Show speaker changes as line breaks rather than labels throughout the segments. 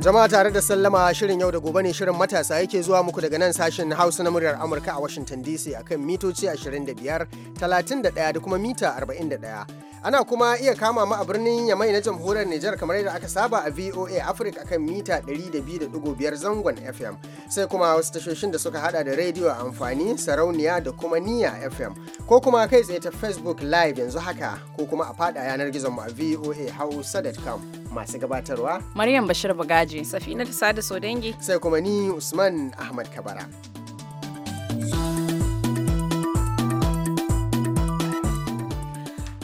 Jama'a tare da sallama shirin yau da gobe ne shirin matasa yake zuwa muku daga nan sashen Hausa na muryar Amurka a Washington DC akan mitoci 25, 31 da kuma mita 41. Ana kuma iya kama mu a birnin Yamai na jamhuriyar Nijar kamar yadda aka saba a VOA Africa akan mita 102.5 zangon FM. Sai kuma wasu tashoshin da suka hada da rediyo a amfani, sarauniya da kuma niya FM. Ko kuma kai tsaye ta Facebook Live yanzu haka ko kuma a fada yanar gizon mu a voa hausa.com masu gabatarwa.
Maryam Bashir Bagaji. na
Safina da Sada Sodengi. Sai kuma ni Usman Ahmad Kabara.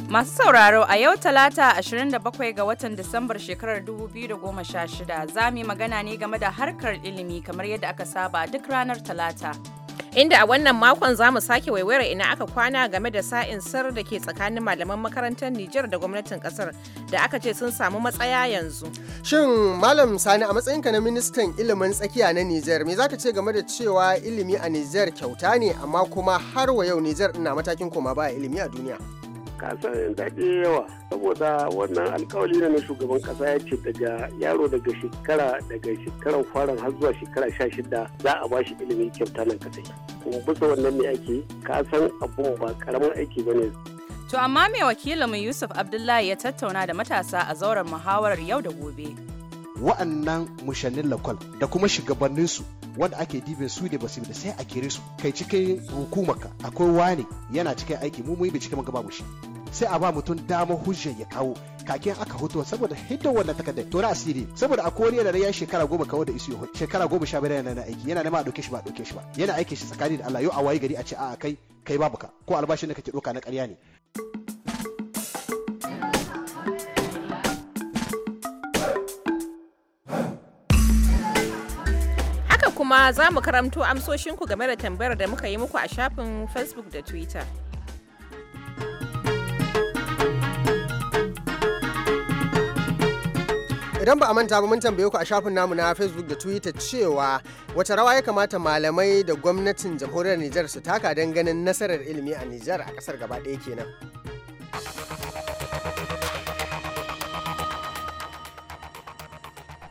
Masu sauraro a yau talata 27 ga watan Disambar shekarar 2016 za mu yi magana ne game da harkar ilimi kamar yadda aka saba duk ranar talata.
Inda a wannan makon za mu sake waiwayar ina aka kwana game da sa'in sir da ke tsakanin malaman makarantar Nijar da gwamnatin kasar da aka ce sun samu matsaya yanzu.
Shin Malam Sani a matsayinka na ministan ilimin tsakiya na Nijar me zaka ce game da cewa ilimi a Nijar kyauta ne amma kuma har wa yau Nijar ina matakin koma baya ilimi a duniya?
kasan daɗe yawa saboda wannan alkawali na shugaban kasa ya ce daga yaro daga shekara daga shekaran farin har zuwa shekara sha shida za a bashi shi ilimi kyauta nan kadai kuma bisa wannan ne ake kasan abubuwa ba karamin aiki ba ne.
to amma mai wakilin mu yusuf abdullahi ya tattauna da matasa a zauren muhawarar yau da gobe.
wa'annan mushannin lakwal da kuma shugabanninsu wanda ake dibin su da basu da sai a kire su kai cikin hukumarka akwai wani yana cikin aiki mu mun bincike muka babu shi sai a ba mutum dama hujjar ya kawo kakin aka hoto saboda hidda wannan takarda to na asiri saboda a koriya da ya shekara goma kawo da isu ya shekara goma sha biyar yana aiki yana nema a ɗauke shi ba ɗauke shi ba yana aiki shi tsakani da Allah yau a wayi gari a ce a kai kai babu ka ko albashin da kake ɗauka na ƙarya ne
kuma za mu karamto amsoshinku game da tambayar da muka yi muku a shafin Facebook da Twitter.
idan ba a manta ba mun tambaye ku a shafin namu na facebook da twitter cewa wace rawa ya kamata malamai da gwamnatin jamhuriyar nijar su taka don ganin nasarar ilimi a nijar a kasar gaba ɗaya kenan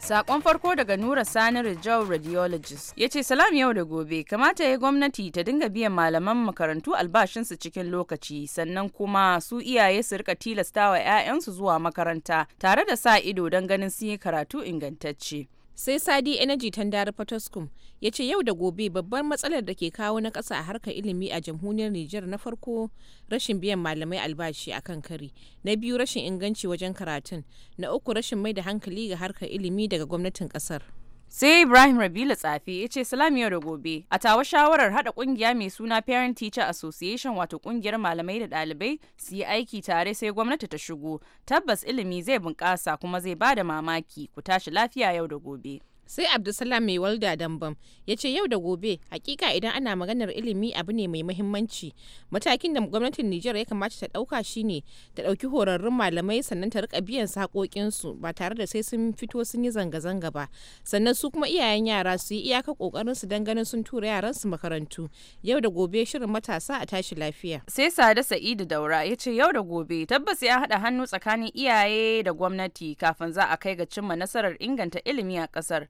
Sakon farko daga Nura Sani Rijau Radiologist ya ce salam yau da gobe kamata ya gwamnati ta dinga biyan malaman makarantu albashinsu cikin lokaci sannan kuma su iyaye su rika tilastawa 'ya'yansu zuwa makaranta tare da sa ido don ganin sun yi karatu ingantacce.
sai sadi energy tandari potoskum ya ce yau da gobe babbar matsalar da ke kawo na ƙasa a harkar ilimi a jamhuriyar niger na farko rashin biyan malamai albashi a kan kari na biyu rashin inganci wajen karatun na uku rashin mai da hankali ga harkar ilimi daga gwamnatin ƙasar sai ibrahim rabilu tsafi ya ce salam yau da gobe a tawa shawarar hada kungiya mai
suna parent teacher association wato kungiyar malamai da dalibai su yi aiki tare sai gwamnati ta shigo tabbas ilimi zai bunƙasa kuma zai bada mamaki ku tashi lafiya yau da gobe
sai abdulsalam mai walda dambam ya ce yau da gobe hakika idan ana maganar ilimi abu ne mai mahimmanci matakin da gwamnatin nijar ya kamata ta dauka shine ta dauki horarrun malamai sannan ta rika biyan sakokinsu ba tare da sai sun fito sun yi zanga-zanga ba sannan su kuma iyayen yara su yi iyaka kokarin su dan ganin sun tura yaran su makarantu yau da gobe shirin matasa a tashi lafiya sai sada sa'idu daura ya ce yau da gobe tabbas ya haɗa
hannu tsakanin iyaye da gwamnati kafin za a kai ga cimma nasarar inganta ilimi a ƙasar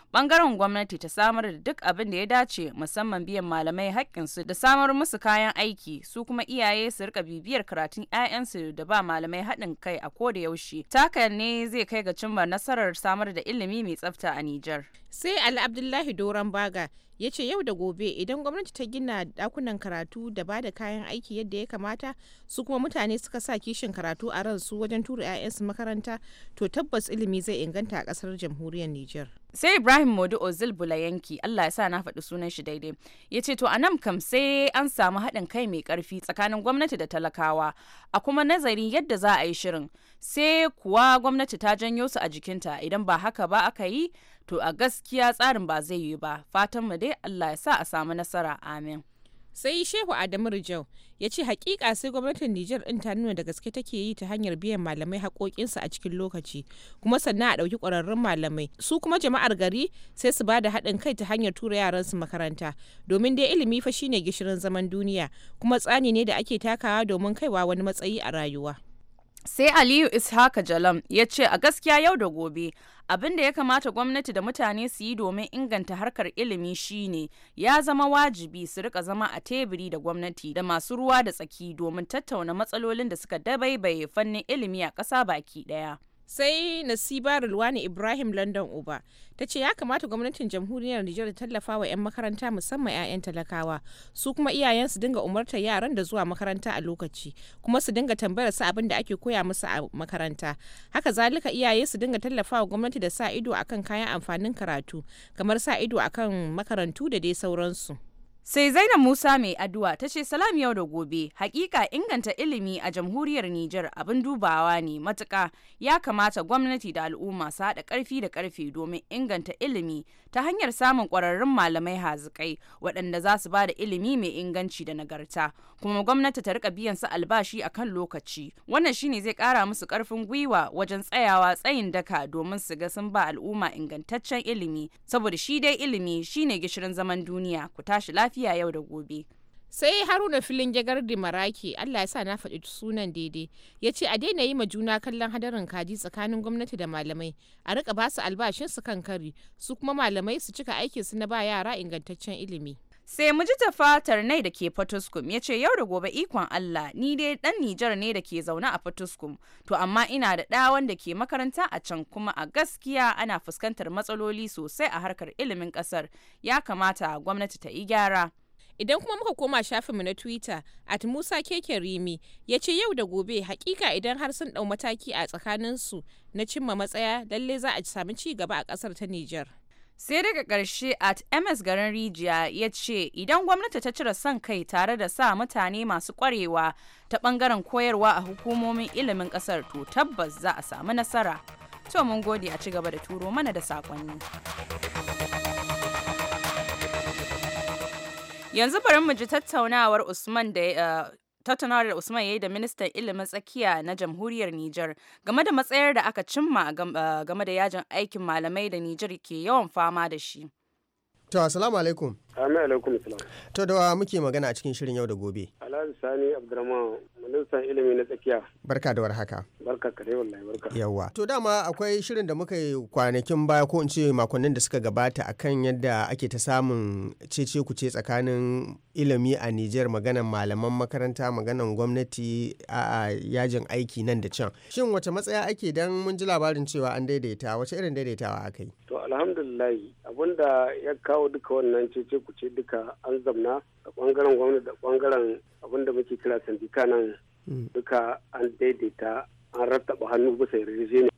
bangaren gwamnati ta samar da duk abin da ya dace musamman biyan malamai haƙƙinsu da samar musu kayan aiki su kuma iyaye su rika bibiyar karatun 'ya'yansu da ba malamai haɗin kai a koda yaushe takan ne zai kai ga cimma nasarar samar da ilimi mai tsafta a Nijar.
sai ali abdullahi doron baga ya ce yau da gobe idan gwamnati ta gina dakunan karatu da ba da kayan aiki yadda ya kamata su kuma mutane suka sa kishin karatu a ransu wajen tura 'ya'yansu makaranta to tabbas ilimi zai inganta a ƙasar jamhuriyar nijar sai ibrahim Ibrahim Modu Ozil Bulayenki Allah ya sa na faɗi sunan shi daidai ya ce to a nan kam sai
an samu haɗin kai mai ƙarfi tsakanin gwamnati da talakawa a kuma nazari yadda za a yi shirin sai kuwa gwamnati ta janyo su a jikinta idan ba haka ba aka yi to a gaskiya tsarin ba zai yi ba fatanmu dai Allah ya sa a samu nasara amin sai
shehu adamu rijau ya ce hakika sai gwamnatin nijar din ta nuna da gaske take yi ta hanyar biyan malamai haƙoƙinsu a cikin lokaci kuma sannan a ɗauki ƙwararrun malamai su kuma jama'ar gari sai su bada haɗin kai ta hanyar tura yaran su makaranta domin dai ilimi fa shine gishirin zaman duniya kuma tsani ne da ake takawa domin kaiwa wani matsayi a rayuwa sai aliyu ishaka jalam ya ce a gaskiya yau da gobe abin da ya kamata gwamnati da mutane
su yi domin inganta harkar ilimi shine ya zama wajibi su rika zama a teburi da gwamnati da masu ruwa da tsaki domin tattauna matsalolin da suka dabaibaye fannin ilimi
a ƙasa baki ɗaya. sai nasiba rulwani ibrahim london uba ta ce ya kamata gwamnatin jamhuriyar nijar ta tallafa wa 'yan makaranta musamman 'ya'yan talakawa su kuma iyayen su dinga umartar yaran da zuwa makaranta a lokaci kuma su dinga tambayar su abin da ake koya musu a makaranta haka zalika iyaye su dinga tallafa wa gwamnati da sa ido akan kayan amfanin karatu kamar sa ido akan makarantu da dai sauransu. Sai Zainab Musa mai
addu'a ta ce salam yau da gobe hakika inganta ilimi a jamhuriyar Nijar abin dubawa ne matuka ya kamata gwamnati da al'umma su haɗa ƙarfi da ƙarfe domin inganta ilimi ta hanyar samun ƙwararrun malamai hazikai waɗanda za su ba da ilimi mai inganci da nagarta kuma gwamnati ta rika biyan su albashi a kan lokaci wannan shine zai ƙara musu ƙarfin gwiwa wajen tsayawa tsayin daka domin su ga sun ba al'umma ingantaccen ilimi saboda shi dai ilimi shine gishirin zaman duniya ku tashi lafiya lafiya yau da gobe.
sai haruna filin da maraki allah ya sa na faɗi sunan daidai ya ce a daina yi ma juna kallon hadarin kaji tsakanin gwamnati da malamai a rika basu albashin su kan kari su kuma malamai su cika aikinsu na ba yara ingantaccen ilimi sai mu ji tafatar nai da ke
fatuskum ya ce yau da gobe ikon Allah ni dai dan Nijar ne da ke zaune a fatuskum to amma ina da ɗa wanda ke makaranta a can kuma a gaskiya ana fuskantar matsaloli sosai
a harkar ilimin ƙasar ya kamata gwamnati ta yi gyara. idan kuma muka koma shafinmu na twitter at musa keke rimi ya ce yau da gobe hakika idan har sun ɗau mataki a tsakaninsu na cimma matsaya lalle za a sami ci gaba a ƙasar ta nijar. sai daga ƙarshe at ms garin rijiya ya ce idan gwamnati ta cire son kai
tare da sa mutane masu kwarewa ta ɓangaren koyarwa a hukumomin ilimin ƙasar to tabbas za a samu nasara to mun gode a ci gaba da turo mana da saƙonni yanzu bari mu ji tattaunawar usman da eh, tattaunawar da Usman ya yi da ministan ilimin tsakiya na jamhuriyar Nijar game da matsayar da aka cimma game da yajin aikin malamai da Nijar ke yawan fama da shi.
To, assalamu alaikum.
Amin alaikum
To, da muke magana a cikin shirin yau da gobe.
Alhaji Sani Abdurrahman ministan ilimi na tsakiya
barka da warhaka barka ka dai wallahi barka Yawwa. to dama akwai shirin da muka yi kwanakin baya ko in ce makonnin da suka gabata akan yadda ake ta samun cece kuce tsakanin ilimi a Nijar maganan malaman makaranta maganan gwamnati a yajin aiki nan da can shin wace matsaya ake dan mun ji labarin cewa an daidaita wace irin daidaitawa aka yi
to alhamdulillahi abinda ya kawo duka wannan cece ce duka an zamna da bangaren gwamna da bangaren abinda muke kira sandika nan mm. duka an daidaita an rattaba hannu bisa ne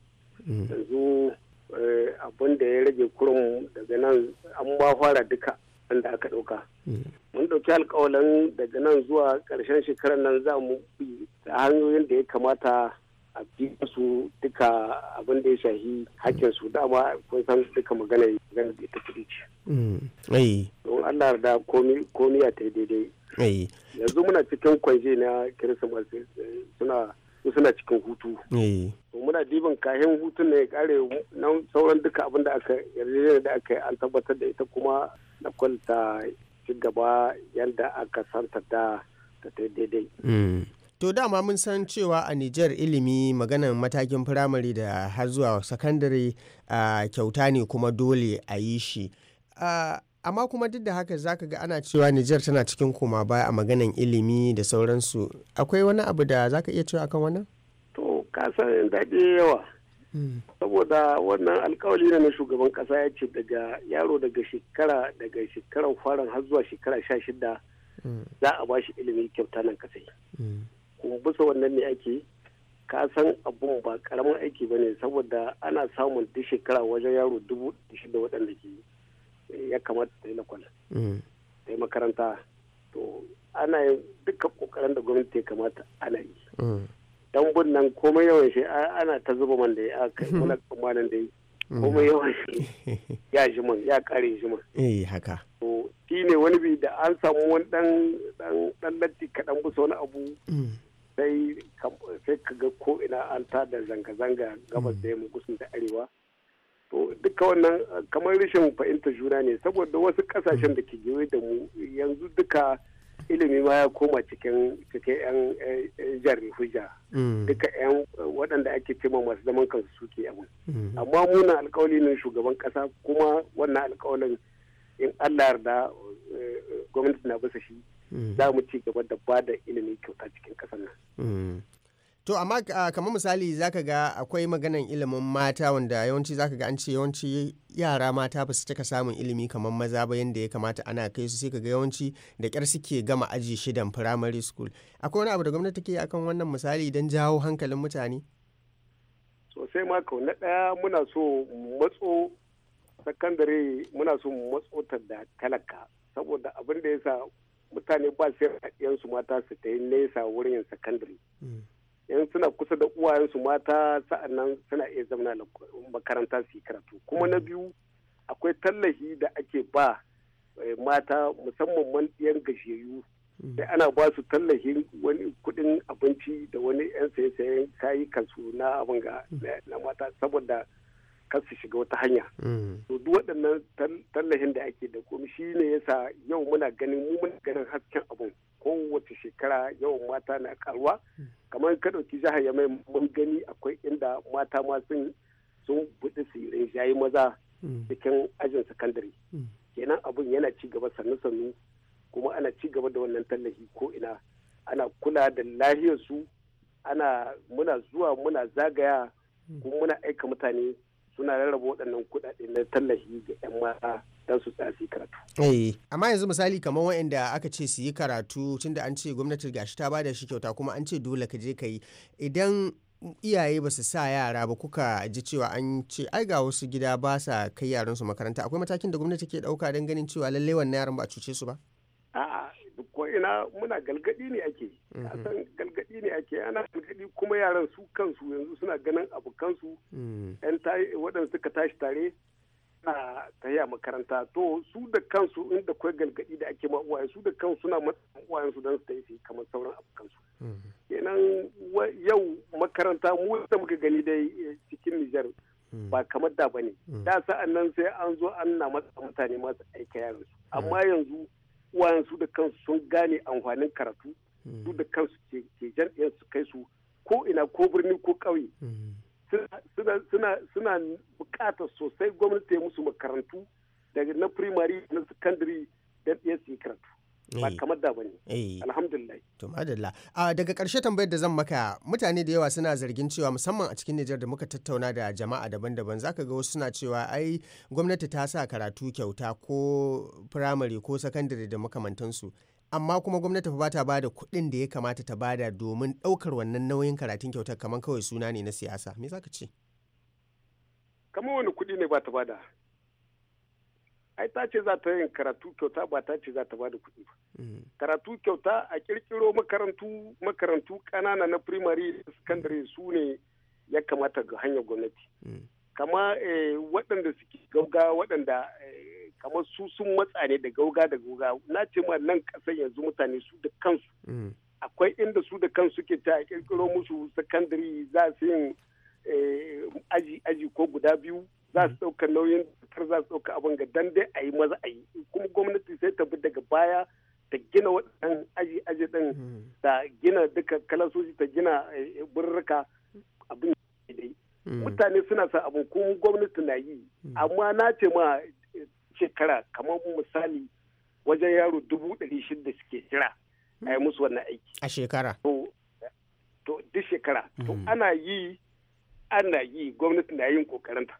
mm. yanzu eh, abinda ya rage kurum daga nan an ba fara duka wanda aka ɗauka. Mm. Mun ɗauki alkawalin daga nan zuwa karshen shekarar nan za mu bi hanyoyin da ya kamata a biya su duka abin da ya shahi hakkin su dama kun san duka magana magana da ta kudi ce.
Mm.
Don Allah da komi ya ta daidai. Yanzu muna cikin kwanje na Christmas eh, suna suna cikin hutu. muna diban kayan hutu ne ya kare nan sauran duka abin da aka yarjejeniya da aka yi an tabbatar da ita kuma na kwanta ci gaba yadda aka santa da ta daidai. Mm.
To dama mun san cewa a Nijar ilimi maganan matakin firamare da har zuwa sakandare kyauta ne kuma dole a yi shi. amma kuma duk da haka ka ga ana cewa Nijar tana cikin koma baya a maganan ilimi da sauransu. Akwai wani abu da ka iya cewa akan wannan?
To kasan daɗi yawa. Mm. Saboda wannan alkawali na shugaban kasa ya ce daga yaro daga shekara daga shekarar faran har zuwa shekara sha shida mm. za a bashi ilimi kyauta nan kasai. Mm. kuma bisa wannan ne ake ka san abun ba karamin aiki ba ne saboda ana samun duk shekara wajen yaro dubu shida waɗanda ke ya kamata ta yi lakwal mm. ta yi makaranta to ana yin duka kokarin da gwamnati ya kamata ana yi mm. dan nan komai yawan shi ana ta zuba man da ya kai wani kamanin da yi mm. komai yawan shi ya ji man ya kare ji man
eh haka
to shi ne wani bi da an samu wani dan dan dan latti kadan bisa wani abu sai ka ga ko ina an tada zanga-zanga gabas da yamma kusan da arewa to duka wannan kamar rashin fahimta juna ne saboda wasu kasashen da ke gewe da mu yanzu duka ilimi ma ya koma cikin cikin yan eh, jari hujja mm. duka yan waɗanda ake cima masu zaman kansu suke yamma amma muna alkawali ne shugaban kasa kuma wannan alkawalin in allah yarda eh, gwamnati na bisa shi Mm. za mu ci gaba da ba da ilimi kyauta cikin ƙasar nan.
Mm. To amma ah, kamar misali zaka ga akwai maganan ilimin mata wanda yawanci zaka ga an ce yawanci yara mata ba su cika samun ilimi kamar maza ba yadda ya kamata ana kai su sai ka ga yawanci da kyar suke gama aji shidan primary school. Akwai wani abu da gwamnati ke akan wannan misali don jawo hankalin mutane?
Sosai mako na ɗaya muna so matso sakandare muna so matso da talaka saboda abin da ya sa mutane ba su yansu mata su ta yi nesa wurin yin sakandare yan mm. suna kusa da uwayensu mata sa'annan suna iya zama makaranta su yi karatu kuma na biyu akwai tallafi da ake ba eh, mata musamman man yan gajiyayyu da mm. ana ba su tallafin wani kudin abinci da wani yan saye-sayen kayi kansu na abin ga mm. na mata saboda kar su shiga wata hanya mm. to duk waɗannan tallafin da ake da komai shi ne yasa yau muna ganin mu muna ganin hasken abun kowace shekara yawan mata na karuwa kamar ka ɗauki jihar yamai mun gani akwai inda mata ma sun sun buɗe su yayi maza mm. cikin ajin sakandare mm. kenan abun yana ci gaba sannu sannu kuma ana ci gaba da wannan tallafi ko ina ana kula da lahiyarsu ana muna zuwa muna zagaya kuma muna aika mutane suna rarraba waɗannan kuɗaɗe na tallafi ga 'yan mata don su tsaya su karatu. Eh,
amma yanzu misali kamar waɗanda aka ce su yi karatu da an ce gwamnatin gashi ta bada shi kyauta kuma an ce dole ka je ka yi idan iyaye ba su sa yara ba kuka ji cewa an ce ai ga wasu gida ba sa kai yaransu makaranta akwai matakin da gwamnati ke ɗauka don ganin cewa lallai wannan yaran ba a cuce su ba.
ina muna galgadi ne ake mhm. san galgadi ne ake ana galgadi kuma yaran su kansu yanzu suna ganin abu kansu. Mhm. yan waɗanda suka tashi tare na tahiya makaranta to su da kansu inda kwai galgadi da ake ma su da kansu suna matsayin su don su ta tafi kamar sauran abu kansu mhm. kenan yau makaranta mu da muka gani dai eh, cikin Nijar ba kamar da ba ne. da sa'an nan sai an zo an na matsa mutane masu aika yaransu amma yanzu uwayen su da kansu sun gane amfanin karatu su da kansu ke jar'iyar su kai su ko ina ko birni ko ƙauye suna bukatar sosai gwamnati musu makarantu daga na firimari na sakandare da ɗaya su karatu ba eh. kamar da bane eh. alhamdulillah
to madalla a daga karshe tambayar da zan maka mutane da yawa suna zargin cewa musamman a cikin Nijar da muka tattauna da jama'a daban-daban zaka ga wasu suna cewa ai gwamnati ta sa karatu kyauta ko firamare ko sakandare da makamantansu amma kuma gwamnati ba ta bada kuɗin da ya kamata ta bada domin ɗaukar wannan nauyin karatun kyauta kamar kawai suna ne na siyasa me zaka ce
kamar wani kuɗi ne ba ta bada ai ta ce za ta yin karatu kyauta ba ta ce za ta ba da kuɗi ba mm. karatu kyauta a kirkiro makarantu makarantu ƙanana na primary secondary su ne ya kamata ga hanyar gwamnati mm. kama eh, waɗanda suke gauga waɗanda eh, kama su sun matsa ne da gauga da gauga na ce ma nan ƙasar yanzu mutane su da kansu mm. akwai inda su da kansu ke ta ƙirƙiro musu secondary za su yin eh, aji aji ko guda biyu za su ɗauka nauyin dokar za su ɗauka abin ga dan dai a yi maza a yi kuma gwamnati sai ta bi daga baya ta gina waɗannan aji aji ɗin ta gina duka kalasoshi ta gina eh, birrika abin da hmm. mutane suna sa abin kuma gwamnati na yi hmm. amma na ce ma eh, shekara kamar misali wajen yaro dubu ɗari shida suke jira a yi hmm. musu wannan aiki a shekara to duk shekara to ana yi ana yi gwamnati na yin kokarinta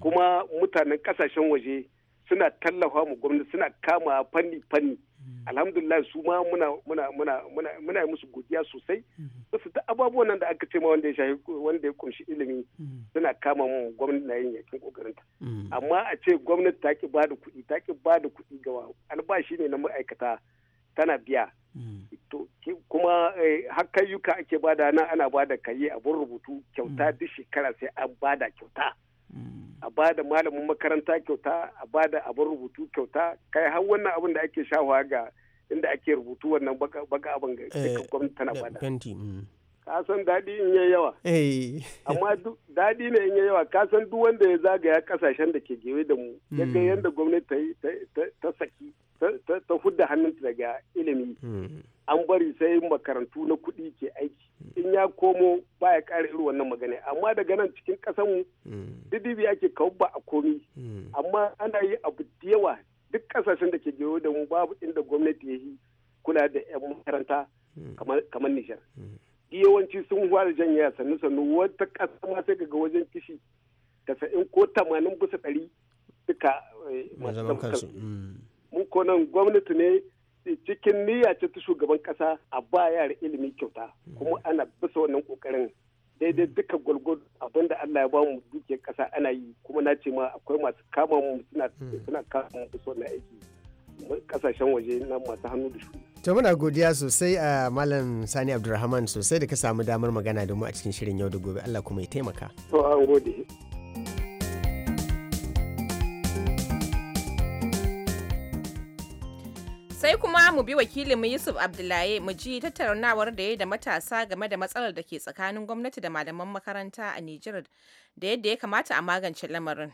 kuma mutanen kasashen waje suna tallafa mu gwamnati suna kama fanni fanni mm. alhamdulillah su ma muna muna muna muna muna musu godiya sosai mm-hmm. wasu ta ababuwan nan da aka ce ma wanda ya shafi wanda ya kunshi ilimi mm. suna kama mu gwamnati na yin yakin kokarin ta mm. amma a ce gwamnati ta ki bada kuɗi ta ki bada kuɗi ga albashi ne na ma'aikata tana biya to kuma eh, hakayyuka ake bada na ana bada kayi abun rubutu kyauta duk shekara sai an bada kyauta a ba da malamin makaranta kyauta a ba da abin rubutu kyauta kai har wannan abin da ake shawa ga inda ake rubutu wannan baka abin ga eh, gwamnati tana bada ka san daɗi in yi yawa. Eh. Amma daɗi ne in yi yawa ka san duk wanda ya zagaya kasashen da ke gewe da mu hmm. ya ga yadda gwamnati ta saki ta hudda hannunta daga ilimi. Hmm. An bari sai makarantu na kuɗi ke aiki. Hmm. In ya komo ba ya ƙara irin wannan magana. Amma daga nan cikin ƙasanmu didibi ake kawo ba a komi. Amma ana yi abu da yawa duk kasashen da ke gewe da mu babu inda gwamnati ya yi kula da 'yan makaranta kamar Nijar. yawanci sun fara janya sannu sannu wata kasa ma sai kaga wajen kishi tasa'in ko tamanin bisa ɗari duka eh,
masu mm.
mun ko nan gwamnati ne eh, cikin niyya ce ta shugaban kasa. a ba yara ilimi kyauta mm. kuma ana bisa wannan kokarin daidai duka gwalgwal abin da Allah ya ba mu duke kasa ana yi kuma na ce ma akwai masu kama mu suna mm. kama mu su aiki kasashen waje na masu hannu da shuni
To muna godiya sosai a Malam Sani Abdulrahman sosai da ka samu damar magana da mu a cikin shirin yau da gobe Allah kuma ya taimaka.
To an gode.
sai kuma mu bi wakilinmu yusuf abdullahi mu ji tattaunawar da ya da matasa game da matsalar da ke tsakanin gwamnati da malaman makaranta a nijar da yadda ya kamata a magance lamarin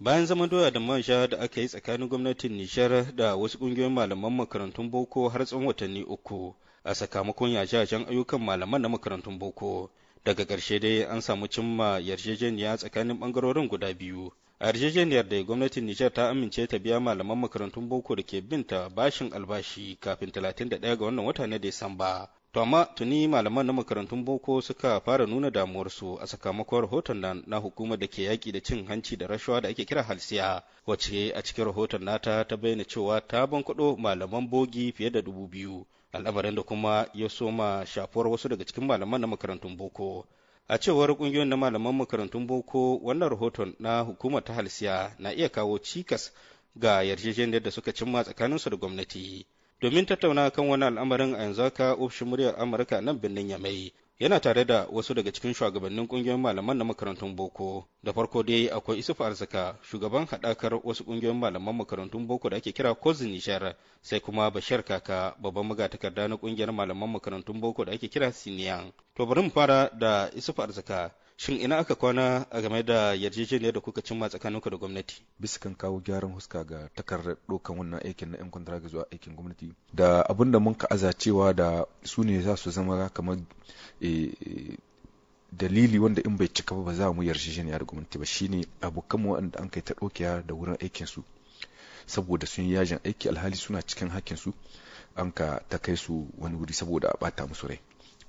bayan zaman doya da man sha da aka yi tsakanin gwamnatin nishar da wasu ƙungiyoyin malaman makarantun boko har tsawon watanni uku a sakamakon yajajen ayyukan malaman na makarantun boko daga ƙarshe dai an samu cimma yarjejeniya tsakanin ɓangarorin guda biyu a yarjejeniyar da gwamnatin nijar ta amince ta biya malaman makarantun boko da ke binta bashin albashi kafin talatin da ɗaya ga wannan wata na disamba To amma tuni malaman na makarantun boko suka fara nuna damuwarsu a sakamakon rahoton nan na hukumar da ke yaƙi da cin hanci da rashawa da ake kira halsiya wacce a cikin rahoton nata ta bayyana cewa ta bankaɗo malaman bogi fiye da dubu biyu al'amarin da kuma ya soma shafuwar wasu daga cikin malaman na makarantun boko. A cewar ƙungiyoyin na malaman makarantun boko wannan rahoton na hukumar ta halsiya na iya kawo cikas ga yarjejeniyar da suka cimma tsakaninsu da gwamnati. domin tattauna kan wani al'amarin a yanzu haka ofishin muryar amurka nan birnin yamai yana tare da wasu daga cikin shugabannin kungiyoyin malaman na makarantun boko da farko dai akwai isufu arzika shugaban haɗakar wasu kungiyoyin malaman makarantun boko da ake kira kozin nishar sai kuma bashir kaka babban magatakarda na kungiyar malaman makarantun boko da ake kira siniyan to bari mu fara da isufu arzika shin ina aka kwana a game da yarjejeniyar da kuka cimma tsakaninku da gwamnati
bisa kan kawo gyaran huska ga takardar dokan wannan aikin na 'yan kwantaragi zuwa aikin gwamnati da abin da mun ka'aza cewa da su ne za su zama kamar eh, dalili wanda in bai cika ba za mu yarjejeniya da gwamnati ba shine abokanmu waɗanda an kai ta ɗaukiya da wurin aikin su saboda sun yi yajin aiki alhali suna cikin hakkin su an ka ta kai su wani wuri saboda a bata musu rai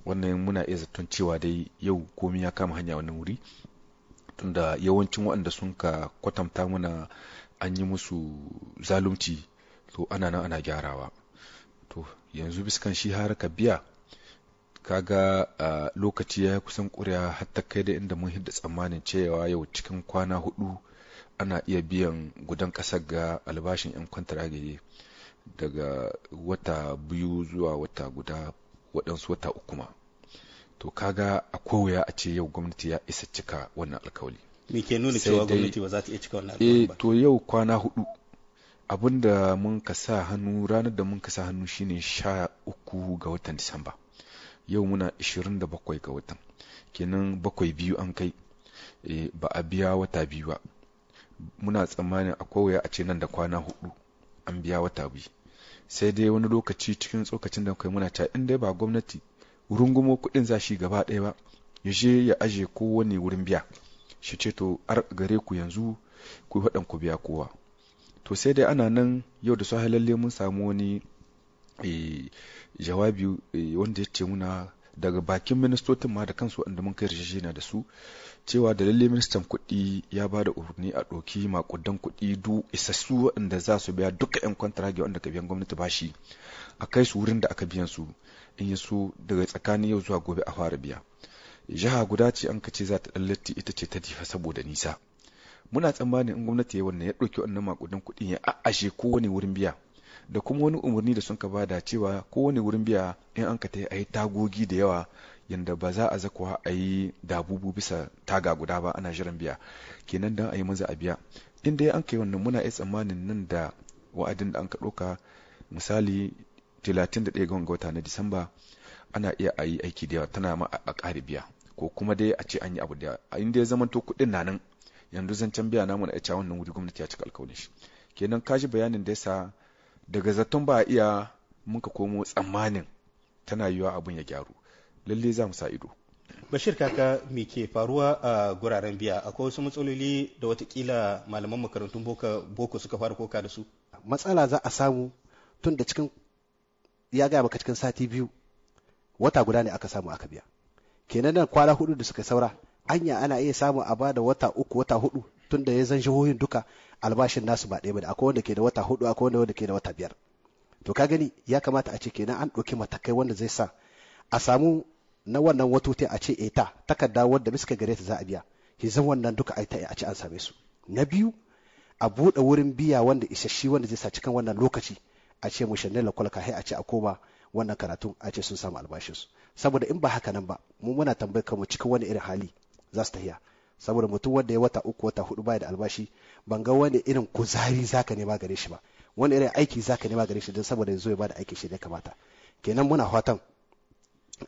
wannan muna iya zaton cewa dai yau komi ya kama hanya wannan wuri tunda yawancin waɗanda sun ka kwatanta mana an yi musu zalunci to ana nan ana gyarawa to yanzu biskan shi har ka biya kaga ga lokaci ya kusan ƙuriya hatta kai da inda mun hidda tsammanin cewa yau cikin kwana hudu ana iya biyan gudan ƙasar ga albashin 'yan kwantar daga wata biyu zuwa wata guda waɗansu wata uku ma to kaga a kowaya a ce yau gwamnati ya isa cika wannan alkawali
me ke nuna cewa gwamnati ba za ta iya cika wannan eh, alkawali
ba to yau kwana hudu da mun ka sa hannu ranar da mun ka sa hannu shine sha uku ga watan disamba yau muna 27 ga watan kenan bakwai biyu an kai eh, ba a biya wata biyu ba muna tsammanin a kowaya a ce nan da kwana hudu an biya wata biyu sai dai wani lokaci cikin tsokacin da kai muna ta in dai ba gwamnati rungumo kudin za shi gaba ɗaya ba ya je ya aje kowane wurin biya shi ce to ar gare ku yanzu ku haɗan ku biya kowa to sai dai ana nan yau da su halalle mun samu wani eh, jawabi eh, wanda ya ce muna daga bakin ministocin ma da kansu inda mun kai na da su cewa dalilin ministan kuɗi ya ba da umarni a ɗauki makudan kuɗi du isassu waɗanda za su biya duka 'yan kwantaragi wanda ka biyan gwamnati ba shi, a kai su wurin da aka biyan su in yi su daga tsakanin yau zuwa gobe a fara biya jiha guda ce an kace za ta ɗallatti ita ce ta jifa saboda nisa muna tsammanin in gwamnati ya wannan ya ɗauki wannan makudan kuɗin ya a'ashe kowane wurin biya da kuma wani umarni da sun ka bada cewa kowane wurin biya in an ka ta yi tagogi da yawa yanda ba za a zakuwa a yi dabubu bisa taga guda ba ana jiran biya kenan dan a yi maza a biya inda ya an kai wannan muna iya tsammanin nan da wa'adin da an ka ɗauka misali 31 ga wata na disamba ana iya a yi aiki da yawa tana ma a ƙari biya ko kuma dai a ce an yi abu da yawa inda ya zamanto kuɗin na nan yanzu zancen biya namu na ita wannan wuri gwamnati ya cika alkawarin shi kenan ka ji bayanin da yasa daga zaton ba a iya muka komo tsammanin tana yiwa abun ya gyaru lalle za mu sa ido bashir kaka me
ke faruwa a guraren biya akwai wasu matsaloli da watakila malaman makarantun
boko suka fara koka da su matsala za a samu tun da cikin ya gaya maka cikin sati biyu wata guda ne aka samu aka biya kenan nan kwana hudu da suka saura anya ana iya samu a ba da wata uku wata hudu tun da ya zan jihohin duka albashin nasu ba ɗaya ba akwai wanda ke da wata hudu akwai wanda ke da wata biyar to ka gani ya kamata a ce kenan an ɗauki matakai wanda zai sa a samu na wannan watotai a ce eta eh, takarda wanda miska gare ta za a biya shi zan wannan duka a a ci an same su na biyu a buɗe wurin biya wanda isasshi wanda zai sa cikin wannan lokaci a ce mu shanne lakwal ka a ce a koma wannan karatu a ce sun samu su saboda in ba haka nan ba mu muna tambayar kanmu cikin wani irin hali za su tafiya saboda mutum wanda ya wata uku wata hudu baya da albashi ban ga wani irin kuzari zaka nema gare shi ba wani irin aiki zaka nema gare shi don saboda yanzu ya bada aikin shi da kamata kenan muna fatan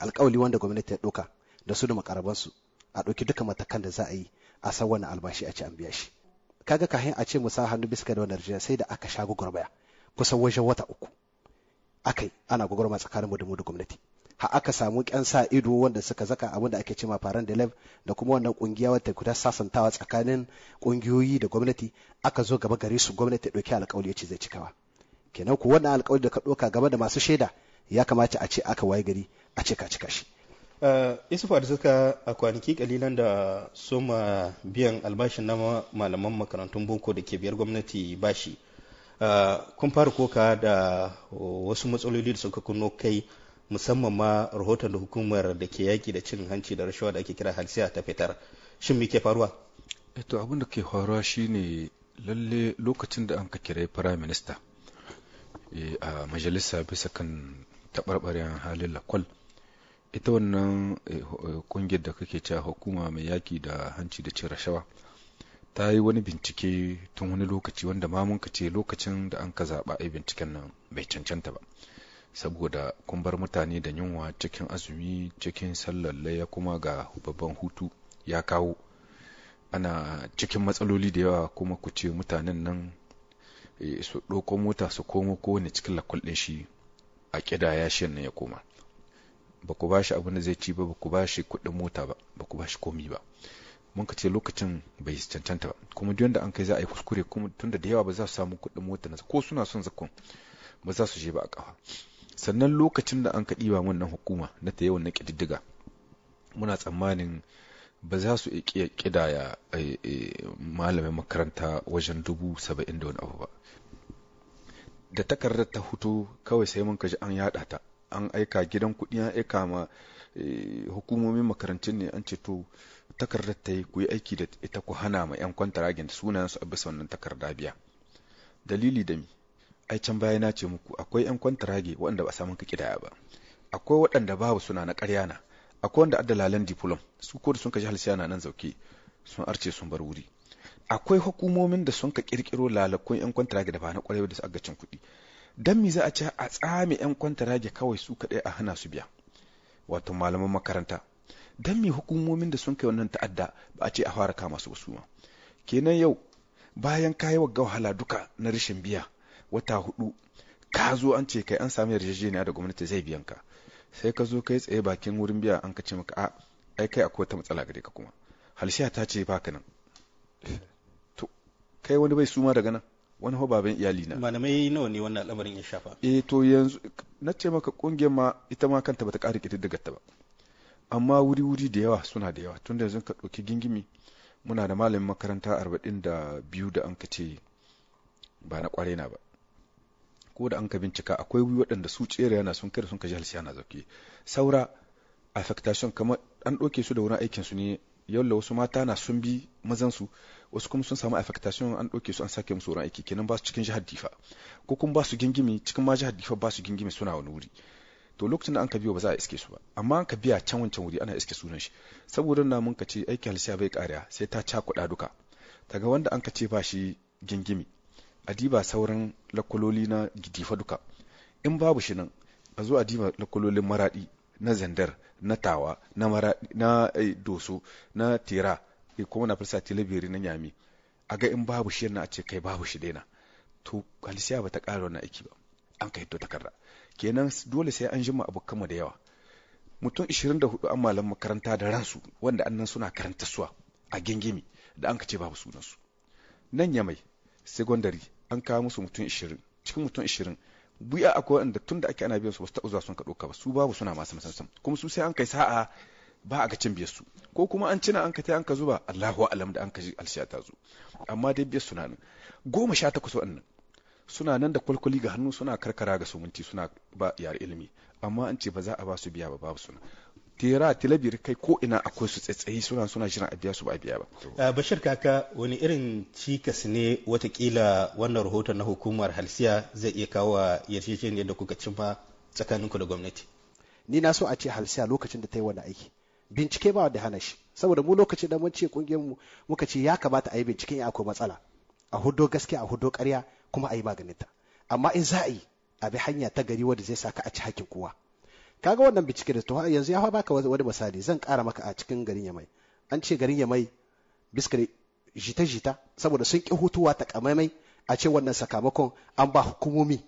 alkawali wanda gwamnati ta ɗauka da su da makarabansu a ɗauki duka matakan da za a yi a san wannan albashi a ci an biya shi kaga kahin a ce sa hannu bisa da wannan rijiya sai da aka sha gwagwarmaya kusan wajen wata uku akai ana gwagwarmaya tsakanin mu da mu da gwamnati ha aka samu ƙyan sa ido wanda suka zaka abin da ake ma faran da da kuma wannan kungiya wata guda sasantawa tsakanin ƙungiyoyi da gwamnati aka zo gaba gare su gwamnati ɗauki alkawali ya ce zai cikawa kenan ku wannan alƙawali da ka ɗauka game da masu shaida ya kamata a ce aka waye gari a cika cika shi
isufa eh, da suka a kwanaki kalilan da soma biyan albashin na malaman makarantun boko da ke biyar gwamnati bashi eh, kun fara koka da wasu matsaloli da suka kunno kai musamman ma rahoton da hukumar da ke yaki da cin hanci da rashawa da ake kira halsiya ta fitar shin me ke faruwa
eto eh, abin da ke faruwa shine lalle lokacin da an ka kira firayim minista a majalisa bisa kan taɓarɓaren halin lakwal ita wannan eh, eh, kungiyar da kake cewa hukuma mai yaki da hanci da cin rashawa ta yi wani bincike tun wani lokaci wanda ma mun ce lokacin da an ka zaɓa a binciken nan bai cancanta ba saboda kun bar mutane da yunwa cikin azumi cikin sallar laya kuma ga babban hutu ya kawo ana cikin matsaloli da yawa kuma ku ce mutanen nan eh, su ɗauko mota su komo kowane cikin lakwal shi a ƙidaya shi ya koma ba ku bashi abin da zai ci ba ba ku bashi kuɗin mota ba ba ku bashi komi ba mun ka ce lokacin bai cancanta ba kuma duk da an kai za a yi kuskure kuma tunda da yawa ba za su samu kuɗin mota na ko suna son zakon ba za su je ba a kafa sannan lokacin da an ka ɗiba wannan hukuma na ta yawan na ƙididdiga muna tsammanin ba za su iya ƙidaya eh, eh, malamin makaranta wajen dubu saba'in da wani abu ba da takardar ta hutu kawai sai mun kaji an yaɗa ta an aika gidan kuɗi an aika ma eh, hukumomin makarantun ne an ce to takardar ta yi ku yi aiki da ita ku hana ma 'yan kwantaragen sunayen su a bisa wannan takarda biya dalili da mi ai can baya na ce muku akwai 'yan kwantarage waɗanda ba samun ka kidaya ba akwai waɗanda babu suna na ƙarya na akwai wanda adda lalan diplom su ko da sun kashe halsiya na nan zauke sun arce sun bar wuri akwai hukumomin da sun ka kirkiro lalakun 'yan kwantarage da ba na ƙwarewa da su cin kuɗi dan me za a ci a tsame yan rage kawai su kaɗai a hana su biya wato malaman makaranta dan me hukumomin da sun kai wannan ta'adda ba a ce a fara kama su su ma kenan yau bayan ka yi wagga wahala duka na rashin biya wata hudu ka zo an ce kai an sami yarjejeniya da gwamnati zai biyan ka sai ka zo kai tsaye bakin wurin biya an ka ce maka a ai kai akwai wata matsala gare ka kuma halshiya ta ce baka nan to kai wani bai suma daga nan wani hau baban iyali na
malamai nawa ne wannan al'amarin ya shafa
eh to yanzu na ce maka ƙungiyar ma ita ma kanta bata ƙara ƙididdigar ta ba amma wuri-wuri da yawa suna da yawa tun da yanzu ka ɗauki gingimi muna da malamin makaranta arba'in da biyu da an ka ce ba na ƙwarai na ba ko da an ka bincika akwai waɗanda su tsere yana sun kai sun ka jihar na zauke saura affectation kamar an ɗauke su da wurin aikin su ne yalla wasu mata na sun bi mazansu wasu kuma sun samu affectation an ɗauke su an sake musu wurin aiki kenan ba su cikin jihar difa ko kuma ba su gingimi cikin ma jihar difa ba su gingimi suna wani wuri to lokacin da an ka biyo ba za a iske su ba amma an ka biya can wancan wuri ana iske sunan shi saboda na mun ka ce aiki halsiya bai kariya sai ta cakuɗa duka ga wanda an ka ce ba shi gingimi a diba sauran lakwaloli na difa duka in babu shi nan a zo a diba lakwalolin maraɗi na zandar na tawa na, eh, doso na tera e kuma na farsa tilibiri na nyami a ga in babu shi na a ce kai babu shi daina to halisiya ba ta ƙara wannan aiki ba an ka to takarda kenan dole sai an jima abokan kama da yawa mutum 24 an malam makaranta da ransu wanda annan suna karanta suwa a gingimi da an ka ce babu sunansu nan ya mai secondary an kawo musu mutum 20 cikin mutum 20 buya akwai wanda tun da ake ana biyan su ba su taɓa zuwa sun ka ba su babu suna masu masansan kuma su sai an kai sa'a ba a ga cin biyar su ko kuma an cina an ka an ka zuba Allahu alam da an ka ji alshiya ta zo amma dai biyar suna nan goma sha takwas wannan suna nan da kwalkwali ga hannu suna karkara ga sumunci suna ba yar ilimi amma an ce ba za a ba su biya ba babu suna tera talabir kai ko ina akwai su tsatsayi suna suna shirin a biya su ba a biya ba. Eh,
bashir kaka wani irin cikas ne watakila wannan rahoton na hukumar halsiya zai iya kawo wa yarjejeniyar da kuka cimma tsakaninku da
gwamnati. ni na so a ce halsiya lokacin da ta yi wani aiki bincike ba da hana shi saboda mu lokacin da mun ce kungiyar mu muka ce ya kamata a yi binciken ya akwai matsala a hudo gaskiya a hudo ƙarya kuma a yi maganinta amma in za a yi a bi hanya ta gari wanda zai saka a ci hakin kowa kaga wannan bincike da to yanzu ya baka wani misali zan ƙara maka a cikin garin yamai an ce garin yamai biskar jita-jita saboda sun ƙi hutuwa ta kamaimai a ce wannan sakamakon an ba hukumomi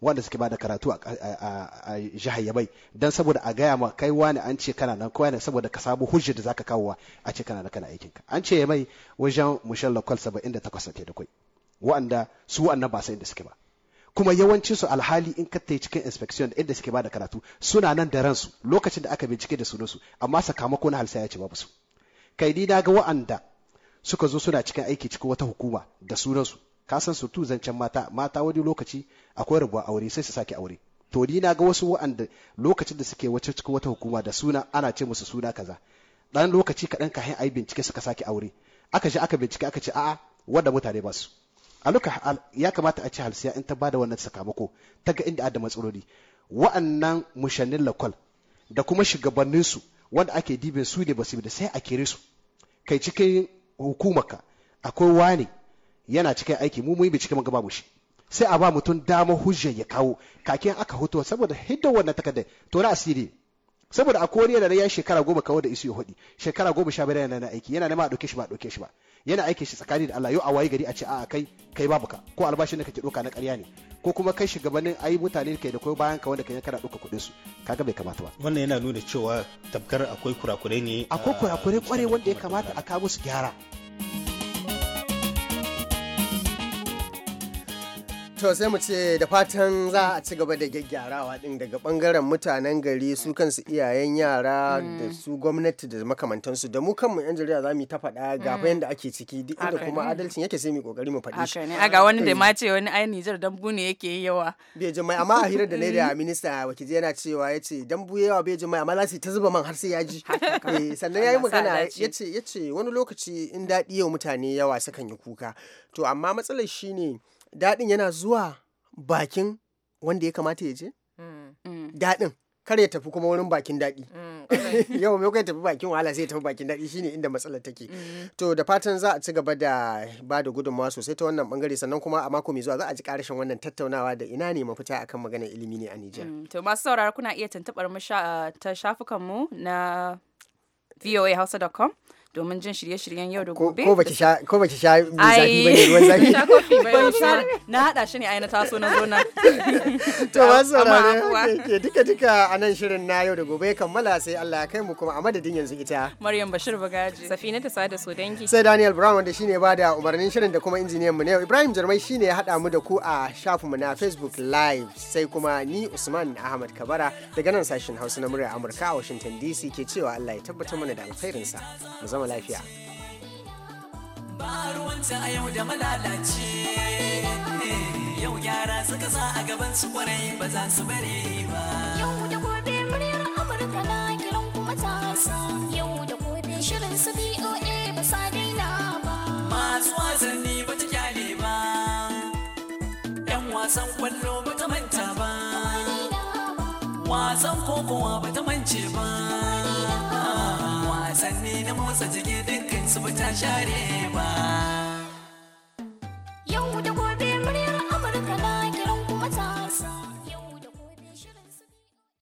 wanda suke bada karatu a jihar yabai don saboda a gaya ma kai wani an ce kana nan kowane saboda ka samu hujjar da zaka kawowa a ce kana kana aikin ka an ce yabai wajen mushalla lokal 78 ke da kwai wa'anda su wa'annan ba sai inda suke ba kuma yawancin su alhali in ka tai cikin inspection inda suke da karatu suna nan da ransu lokacin da aka bincike da sunan su amma sakamako na halsa ya ce babu su kai ni na ga wa'anda suka zo suna cikin aiki cikin wata hukuma da sunansu ka san surtu zancen mata mata wani lokaci akwai rabuwa aure sai su sake aure to ni na ga wasu wa'anda lokacin da suke wace cikin wata hukuma da suna ana ce musu suna kaza dan lokaci kaɗan ka kahin ayi bincike suka sake aure aka je aka bincike aka ce a'a wanda mutane ba su a luka ya kamata a ce halsiya in ta bada wannan sakamako ta ga inda da matsaloli wa'annan mushannin lakwal da kuma su wanda ake dibin su ne basu da sai a kere su kai cikin hukumarka akwai wani yana cikin aiki mu mun bincike mun ga babu shi sai a ba mutum dama hujja ya kawo kakin aka hutu saboda hidda wannan takardar to na asiri saboda a koriya da ya shekara goma kawo da isu ya hudi shekara goma sha biyar yana aiki yana nema a ɗauke shi ba a ɗauke shi ba yana aiki shi tsakani da Allah yau a waye gari a ce a'a kai kai babu ka ko albashin da kake ɗauka na ƙarya ne ko kuma kai shugabannin ayi mutane kai da koyo bayan ka wanda kai kana ɗauka kuɗin su kaga bai kamata ba wannan yana nuna
cewa tabkar akwai kurakurai ne akwai kurakurai kware wanda
ya kamata a kawo su gyara
To sai mu ce da fatan za a ci gaba da gyaggyarawa din daga bangaren mutanen gari su kansu iyayen yara da mm. su gwamnati da makamantansu da mu kanmu yan jarida za mu ta faɗa ga mm. da ake ciki duk inda kuma adalcin yake sai mu kokari mu faɗi shi. A ga wani da eh. ma
ce wani ai Nijar dambu ne yake yi yawa. Bai ji mai amma a hirar da da mm.
minista wakili yana cewa ya ce dambu yawa bai ji mai amma za su ta zuba man har sai ya ji. Eh, sannan ya yi magana ya ce wani lokaci in daɗi yau mutane yawa sukan yi kuka. To amma matsalar shine ne daɗin yana zuwa bakin wanda ya kamata ya je mm. Mm. daɗin kar ya tafi kuma wurin bakin daɗi mm, yau mai kai tafi bakin wahala sai tafi bakin daɗi shine inda matsalar take to da fatan za a ci gaba da ba da gudunmawa sosai ta wannan bangare sannan kuma a mako mai zuwa za a ji karashin wannan tattaunawa da ina ne mafita akan maganar ilimi ne a Nijar
to masu saurara kuna iya tantabar mu ta shafukan mu na voahausa.com domin jin shirye-shiryen yau da gobe. Ko ba sha
sha mai zafi ne ruwan
zafi. na hada shi ne ai na taso na zona. To ba ne ke duka
duka a nan shirin na yau da gobe kammala sai Allah ya kai mu kuma a madadin yanzu ita.
Maryam Bashir Bagaji.
Safina ta sada so dangi. Sai Daniel
Brown wanda shine ba da umarnin shirin da kuma injiniyan mu ne Ibrahim Jarmai shine ya hada mu da ku a shafin mu na Facebook Live sai kuma ni Usman Ahmad Kabara daga nan sashin Hausa na murya Amurka a Washington DC ke cewa Allah ya tabbatar mana da alkhairinsa. Mu zama
lafiya. Ba ruwanta a yau da malalace yau gyara suka sa a gaban su kwarai ba za su bari ba. Yau
da gobe muryar Amurka na kiran kuma ta yau da gobe shirin su BOA ba sa daina ba. Masu wasanni ba ta kyale ba,
'yan wasan kwallo ba ta manta ba, wasan kokowa ba ta mance ba. motsa jiki
dukkan su ba ta share ba. Yau da gobe muryar